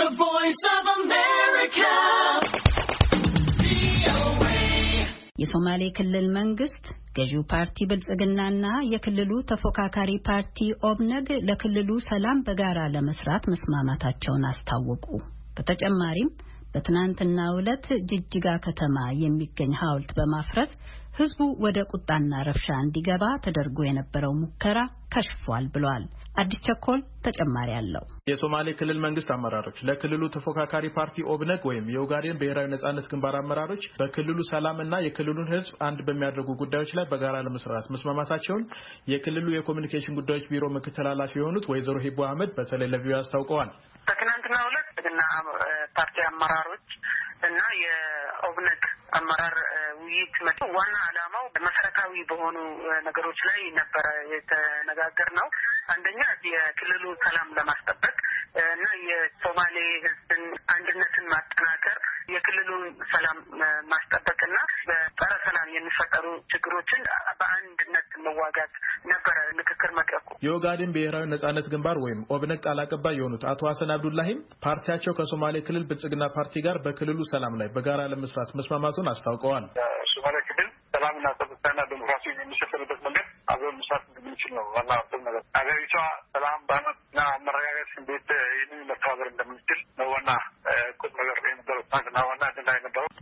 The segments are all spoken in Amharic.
The Voice of America. የሶማሌ ክልል መንግስት ገዢው ፓርቲ ብልጽግናና የክልሉ ተፎካካሪ ፓርቲ ኦብነግ ለክልሉ ሰላም በጋራ ለመስራት መስማማታቸውን አስታወቁ። በተጨማሪም በትናንትና ዕለት ጅጅጋ ከተማ የሚገኝ ሐውልት በማፍረስ ህዝቡ ወደ ቁጣና ረብሻ እንዲገባ ተደርጎ የነበረው ሙከራ ከሽፏል ብሏል። አዲስ ቸኮል ተጨማሪ አለው። የሶማሌ ክልል መንግስት አመራሮች ለክልሉ ተፎካካሪ ፓርቲ ኦብነግ ወይም የኡጋዴን ብሔራዊ ነጻነት ግንባር አመራሮች በክልሉ ሰላምና የክልሉን ህዝብ አንድ በሚያደርጉ ጉዳዮች ላይ በጋራ ለመስራት መስማማታቸውን የክልሉ የኮሚኒኬሽን ጉዳዮች ቢሮ ምክትል ኃላፊ የሆኑት ወይዘሮ ሂቦ አህመድ በተለይ ለቪዮ አስታውቀዋል። በትናንትናው ዕለት ብልጽግና ፓርቲ አመራሮች እና የኦብነግ አመራር ውይይት መ ዋና ዓላማው መሰረታዊ በሆኑ ነገሮች ላይ ነበረ የተነጋገር ነው። አንደኛ የክልሉ ሰላም ለማስጠበቅ እና የሶማሌ ሕዝብን አንድነትን ማጠናከር የክልሉን ሰላም ማስጠበቅና በጸረ ሰላም የሚፈጠሩ ችግሮችን በአንድነት መዋጋት ነበረ ምክክር መድረኩ። የኦጋዴን ብሔራዊ ነጻነት ግንባር ወይም ኦብነግ ቃል አቀባይ የሆኑት አቶ ሀሰን አብዱላሂም ፓርቲያቸው ከሶማሌ ክልል ብልጽግና ፓርቲ ጋር በክልሉ ሰላም ላይ በጋራ ለመስራት መስማማቱን አስታውቀዋል። ሶማሌ ክልል ሰላምና ጸጥታና ዴሞክራሲ የሚሰፍንበት መንገድ አብረን መስራት እንደምንችል ነው ዋና ሀሳብ ነገር ሀገሪቷ ሰላም በአመትና መረጋጋት እንዴት ይህንን መተባበር እንደምንችል ነው ዋና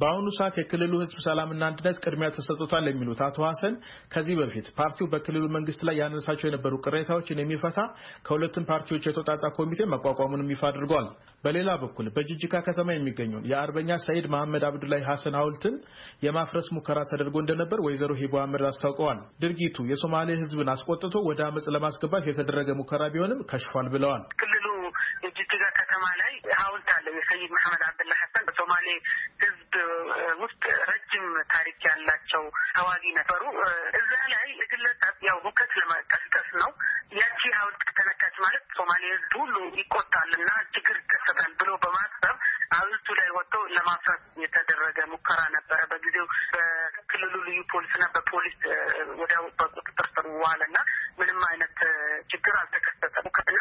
በአሁኑ ሰዓት የክልሉ ህዝብ ሰላምና አንድነት ቅድሚያ ተሰጥቷል የሚሉት አቶ ሀሰን ከዚህ በፊት ፓርቲው በክልሉ መንግስት ላይ ያነሳቸው የነበሩ ቅሬታዎችን የሚፈታ ከሁለቱም ፓርቲዎች የተውጣጣ ኮሚቴ መቋቋሙን ይፋ አድርጓል። በሌላ በኩል በጅጅጋ ከተማ የሚገኘውን የአርበኛ ሰይድ መሐመድ አብዱላይ ሀሰን ሐውልትን የማፍረስ ሙከራ ተደርጎ እንደነበር ወይዘሮ ሂቦ አህመድ አስታውቀዋል። ድርጊቱ የሶማሌ ህዝብን አስቆጥቶ ወደ አመፅ ለማስገባት የተደረገ ሙከራ ቢሆንም ከሽፏል ብለዋል። ክልሉ የጅጅጋ ከተማ ላይ የሰይድ መሐመድ አብዱላይ ሀሰን በሶማሌ ህዝብ በህዝብ ውስጥ ረጅም ታሪክ ያላቸው ተዋጊ ነበሩ። እዛ ላይ ግለሰብ ያው ሁከት ለመቀስቀስ ነው። ያቺ ሀውልት ተነካች ማለት ሶማሌ ህዝብ ሁሉ ይቆጣል እና ችግር ይከሰታል ብሎ በማሰብ ሀውልቱ ላይ ወጥተው ለማፍረስ የተደረገ ሙከራ ነበረ። በጊዜው በክልሉ ልዩ ፖሊስና በፖሊስ ወዲያው በቁጥጥር ስር ዋለና ምንም አይነት ችግር አልተከሰተም እና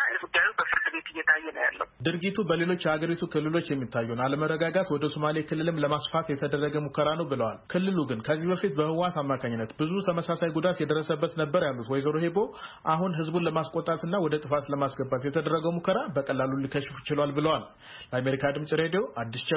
እየታየ ነው ያለው። ድርጊቱ በሌሎች የሀገሪቱ ክልሎች የሚታየውን አለመረጋጋት ወደ ሶማሌ ክልልም ለማስፋት የተደረገ ሙከራ ነው ብለዋል። ክልሉ ግን ከዚህ በፊት በህወሓት አማካኝነት ብዙ ተመሳሳይ ጉዳት የደረሰበት ነበር ያሉት ወይዘሮ ሄቦ አሁን ህዝቡን ለማስቆጣትና ወደ ጥፋት ለማስገባት የተደረገው ሙከራ በቀላሉ ሊከሽፍ ችሏል ብለዋል። ለአሜሪካ ድምጽ ሬዲዮ አዲስ